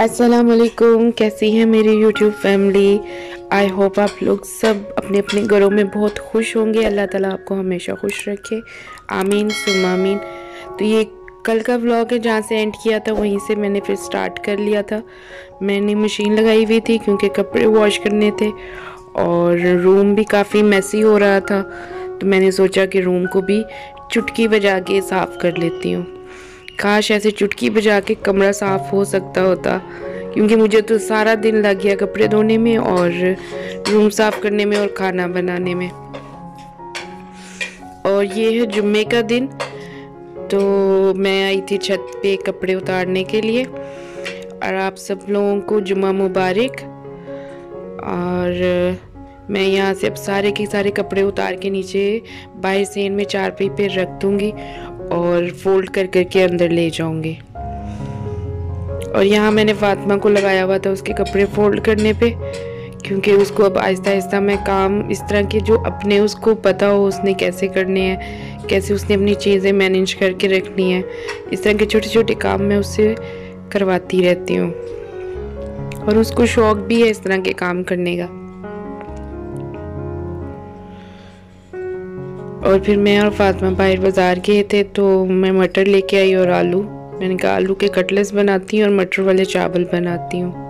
असलकुम कैसी है मेरी YouTube फैमिली आई होप आप लोग सब अपने अपने घरों में बहुत खुश होंगे अल्लाह ताला आपको हमेशा खुश रखे आमीन सुमामीन तो ये कल का व्लॉग है जहाँ से एंड किया था वहीं से मैंने फिर स्टार्ट कर लिया था मैंने मशीन लगाई हुई थी क्योंकि कपड़े वॉश करने थे और रूम भी काफ़ी मैसी हो रहा था तो मैंने सोचा कि रूम को भी चुटकी बजा के साफ़ कर लेती हूँ काश ऐसे चुटकी बजा के कमरा साफ़ हो सकता होता क्योंकि मुझे तो सारा दिन लग गया कपड़े धोने में और रूम साफ़ करने में और खाना बनाने में और ये है जुम्मे का दिन तो मैं आई थी छत पे कपड़े उतारने के लिए और आप सब लोगों को जुम्मा मुबारक और मैं यहाँ से अब सारे के सारे कपड़े उतार के नीचे बाई सेन में चारपाई पे रख दूँगी और फोल्ड कर करके अंदर ले जाऊँगी और यहाँ मैंने फातिमा को लगाया हुआ था उसके कपड़े फोल्ड करने पे क्योंकि उसको अब आहिस्ता आहिस्ता मैं काम इस तरह के जो अपने उसको पता हो उसने कैसे करने हैं कैसे उसने अपनी चीज़ें मैनेज करके रखनी है इस तरह के छोटे छोटे काम मैं उससे करवाती रहती हूँ और उसको शौक़ भी है इस तरह के काम करने का और फिर मैं और फातिमा बाहर बाज़ार गए थे तो मैं मटर लेके आई और आलू मैंने कहा आलू के कटलेट्स बनाती हूँ और मटर वाले चावल बनाती हूँ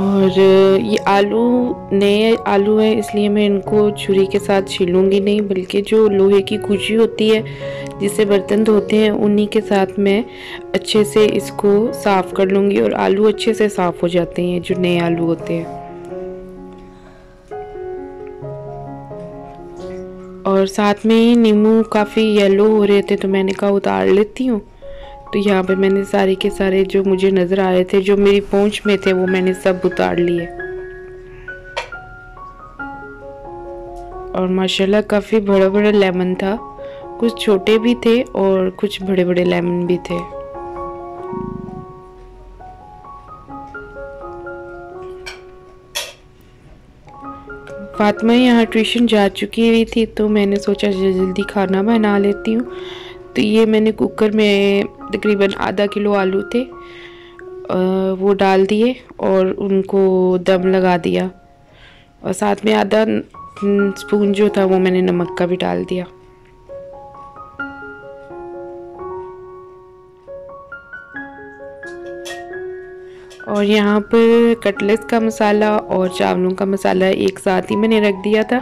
और ये आलू नए आलू हैं इसलिए मैं इनको छुरी के साथ छीलूँगी नहीं बल्कि जो लोहे की कुची होती है जिससे बर्तन धोते हैं उन्हीं के साथ मैं अच्छे से इसको साफ़ कर लूँगी और आलू अच्छे से साफ़ हो जाते हैं जो नए आलू होते हैं और साथ में ही नींबू काफ़ी येलो हो रहे थे तो मैंने कहा उतार लेती हूँ तो यहाँ पे मैंने सारे के सारे जो मुझे नज़र आ रहे थे जो मेरी पहुँच में थे वो मैंने सब उतार लिए और माशाल्लाह काफ़ी बड़ा बड़ा लेमन था कुछ छोटे भी थे और कुछ बड़े बड़े लेमन भी थे फातिमा यहाँ ट्यूशन जा चुकी हुई थी तो मैंने सोचा जल्दी खाना बना लेती हूँ तो ये मैंने कुकर में तकरीबन आधा किलो आलू थे वो डाल दिए और उनको दम लगा दिया और साथ में आधा स्पून जो था वो मैंने नमक का भी डाल दिया और यहाँ पर कटलेस का मसाला और चावलों का मसाला एक साथ ही मैंने रख दिया था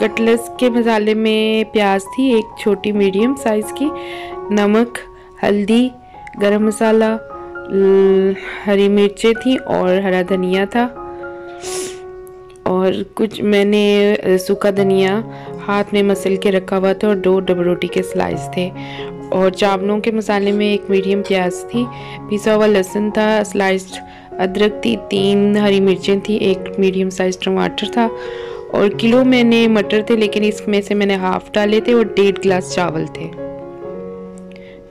कटलेस के मसाले में प्याज थी एक छोटी मीडियम साइज़ की नमक हल्दी गरम मसाला हरी मिर्चें थी और हरा धनिया था और कुछ मैंने सूखा धनिया हाथ में मसल के रखा हुआ था और दो डबल रोटी के स्लाइस थे और चावलों के मसाले में एक मीडियम प्याज थी पिसा हुआ लहसुन था स्लाइस्ड अदरक थी तीन हरी मिर्चें थी एक मीडियम साइज टमाटर था और किलो मैंने मटर थे लेकिन इसमें से मैंने हाफ डाले थे और डेढ़ गिलास चावल थे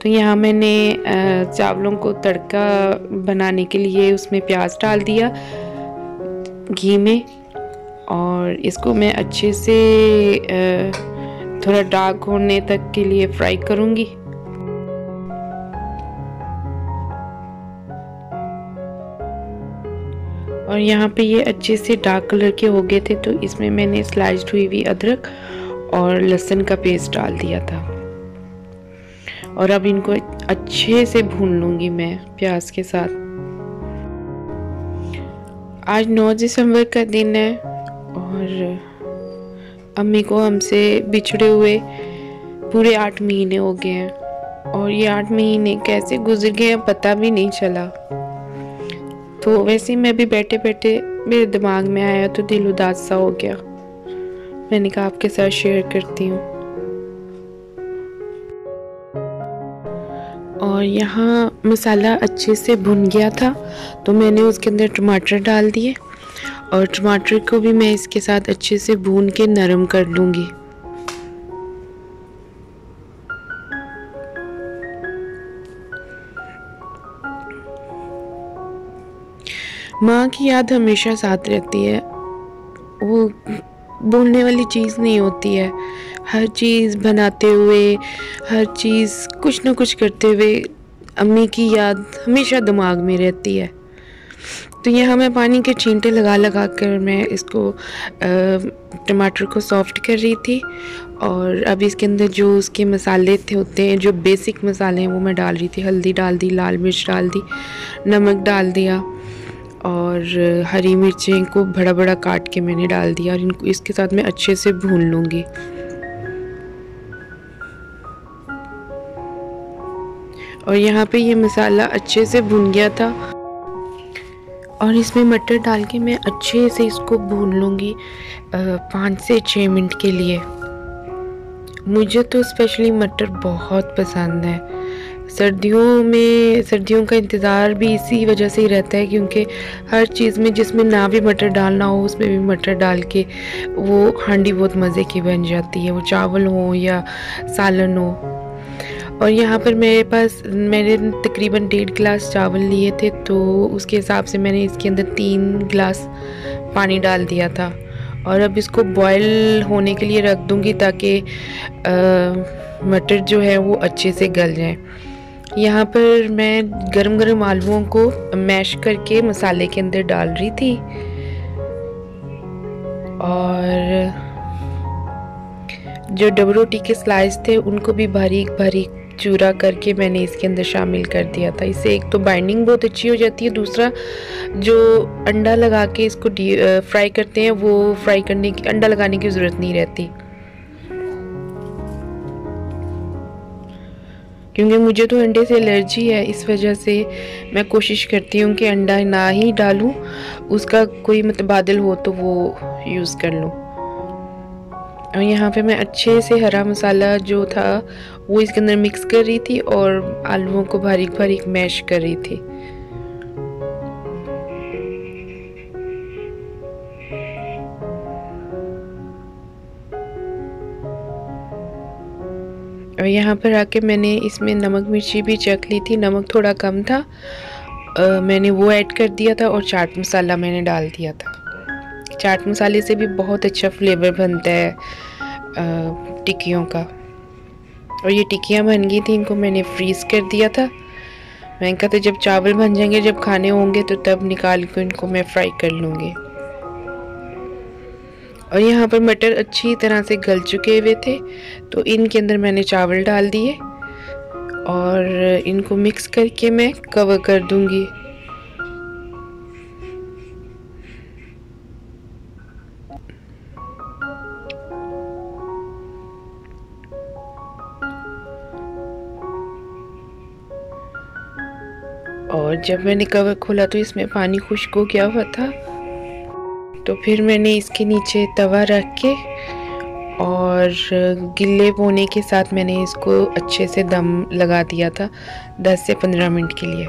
तो यहाँ मैंने चावलों को तड़का बनाने के लिए उसमें प्याज डाल दिया घी में और इसको मैं अच्छे से थोड़ा डार्क होने तक के लिए फ्राई करूँगी और यहाँ पे ये अच्छे से डार्क कलर के हो गए थे तो इसमें मैंने स्लाइस्ड हुई हुई अदरक और लहसुन का पेस्ट डाल दिया था और अब इनको अच्छे से भून लूँगी मैं प्याज के साथ आज 9 दिसंबर का दिन है और अम्मी को हमसे बिछड़े हुए पूरे आठ महीने हो गए हैं और ये आठ महीने कैसे गुजर गए हैं पता भी नहीं चला तो वैसे ही मैं भी बैठे बैठे मेरे दिमाग में आया तो दिल उदास सा हो गया मैंने कहा आपके साथ शेयर करती हूँ और यहाँ मसाला अच्छे से भुन गया था तो मैंने उसके अंदर टमाटर डाल दिए और टमाटर को भी मैं इसके साथ अच्छे से भून के नरम कर लूँगी माँ की याद हमेशा साथ रहती है वो बोलने वाली चीज़ नहीं होती है हर चीज़ बनाते हुए हर चीज़ कुछ ना कुछ करते हुए अम्मी की याद हमेशा दिमाग में रहती है तो यहाँ मैं पानी के छींटे लगा लगा कर मैं इसको टमाटर को सॉफ्ट कर रही थी और अब इसके अंदर जो उसके मसाले थे होते हैं जो बेसिक मसाले हैं वो मैं डाल रही थी हल्दी डाल दी लाल मिर्च डाल दी नमक डाल दिया और हरी मिर्चें को बड़ा बड़ा काट के मैंने डाल दिया और इनको इसके साथ मैं अच्छे से भून लूँगी और यहाँ पे ये मसाला अच्छे से भुन गया था और इसमें मटर डाल के मैं अच्छे से इसको भून लूँगी पाँच से छः मिनट के लिए मुझे तो स्पेशली मटर बहुत पसंद है सर्दियों में सर्दियों का इंतज़ार भी इसी वजह से ही रहता है क्योंकि हर चीज़ में जिसमें ना भी मटर डालना हो उसमें भी मटर डाल के वो हांडी बहुत मज़े की बन जाती है वो चावल हो या सालन हो और यहाँ पर मेरे पास मैंने तकरीबन डेढ़ गिलास चावल लिए थे तो उसके हिसाब से मैंने इसके अंदर तीन गिलास पानी डाल दिया था और अब इसको बॉयल होने के लिए रख दूँगी ताकि मटर जो है वो अच्छे से गल जाए यहाँ पर मैं गरम गरम आलुओं को मैश करके मसाले के अंदर डाल रही थी और जो डबल रोटी के स्लाइस थे उनको भी बारीक बारीक चूरा करके मैंने इसके अंदर शामिल कर दिया था इससे एक तो बाइंडिंग बहुत अच्छी हो जाती है दूसरा जो अंडा लगा के इसको फ्राई करते हैं वो फ्राई करने की अंडा लगाने की ज़रूरत नहीं रहती क्योंकि मुझे तो अंडे से एलर्जी है इस वजह से मैं कोशिश करती हूँ कि अंडा ना ही डालूँ उसका कोई मतबादल मतलब हो तो वो यूज़ कर लूँ और यहाँ पे मैं अच्छे से हरा मसाला जो था वो इसके अंदर मिक्स कर रही थी और आलूओं को बारीक बारीक मैश कर रही थी और यहाँ पर आके मैंने इसमें नमक मिर्ची भी चख ली थी नमक थोड़ा कम था आ, मैंने वो ऐड कर दिया था और चाट मसाला मैंने डाल दिया था चाट मसाले से भी बहुत अच्छा फ्लेवर बनता है टिक्कियों का और ये टिक्कियाँ बन गई थी इनको मैंने फ्रीज़ कर दिया था मैंने कहा था जब चावल बन जाएंगे जब खाने होंगे तो तब निकाल कर इनको मैं फ्राई कर लूँगी और यहाँ पर मटर अच्छी तरह से गल चुके हुए थे तो इनके अंदर मैंने चावल डाल दिए और इनको मिक्स करके मैं कवर कर दूँगी और जब मैंने कवर खोला तो इसमें पानी खुश्क हो गया हुआ था तो फिर मैंने इसके नीचे तवा रख के और गिले बोने के साथ मैंने इसको अच्छे से दम लगा दिया था 10 से 15 मिनट के लिए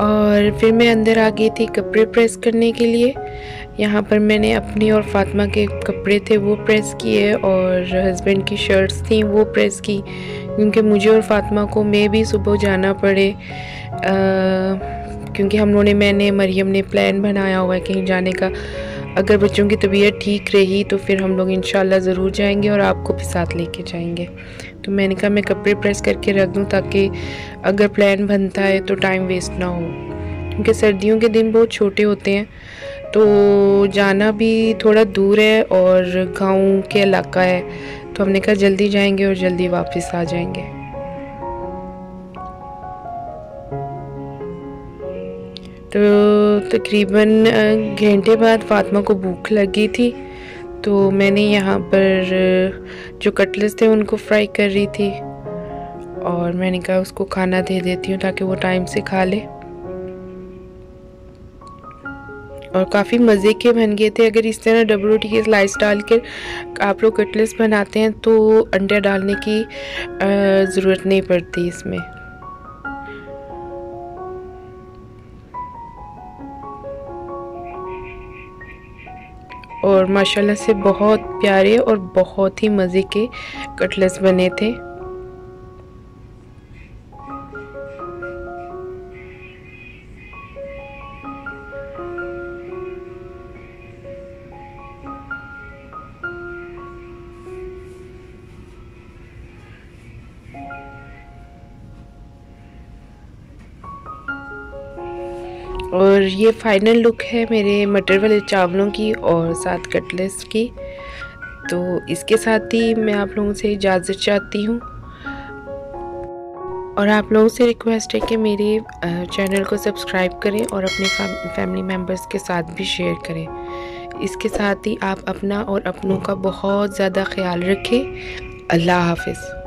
और फिर मैं अंदर आ गई थी कपड़े प्रेस करने के लिए यहाँ पर मैंने अपनी और फातिमा के कपड़े थे वो प्रेस किए और हस्बैंड की शर्ट्स थी वो प्रेस की क्योंकि मुझे और फातिमा को मैं भी सुबह जाना पड़े आ, क्योंकि हम लोगों ने मैंने मरियम ने प्लान बनाया हुआ है कहीं जाने का अगर बच्चों की तबीयत ठीक रही तो फिर हम लोग इन ज़रूर जाएंगे और आपको भी साथ लेके जाएंगे तो मैंने कहा मैं कपड़े प्रेस करके रख दूँ ताकि अगर प्लान बनता है तो टाइम वेस्ट ना हो क्योंकि सर्दियों के दिन बहुत छोटे होते हैं तो जाना भी थोड़ा दूर है और गाँव के इलाका है तो हमने कहा जल्दी जाएंगे और जल्दी वापस आ जाएंगे तो तकरीबन घंटे बाद फातमा को भूख लगी थी तो मैंने यहाँ पर जो कटलेस थे उनको फ्राई कर रही थी और मैंने कहा उसको खाना दे देती हूँ ताकि वो टाइम से खा ले और काफ़ी मज़े के बन गए थे अगर इस तरह डबल रोटी के स्लाइस डाल कर आप लोग कटलेस बनाते हैं तो अंडा डालने की ज़रूरत नहीं पड़ती इसमें और माशाल्लाह से बहुत प्यारे और बहुत ही मज़े के कटलेट्स बने थे और ये फाइनल लुक है मेरे मटर वाले चावलों की और साथ कटलेट्स की तो इसके साथ ही मैं आप लोगों से इजाज़त चाहती हूँ और आप लोगों से रिक्वेस्ट है कि मेरे चैनल को सब्सक्राइब करें और अपने फैमिली मेम्बर्स के साथ भी शेयर करें इसके साथ ही आप अपना और अपनों का बहुत ज़्यादा ख्याल रखें अल्लाह हाफिज़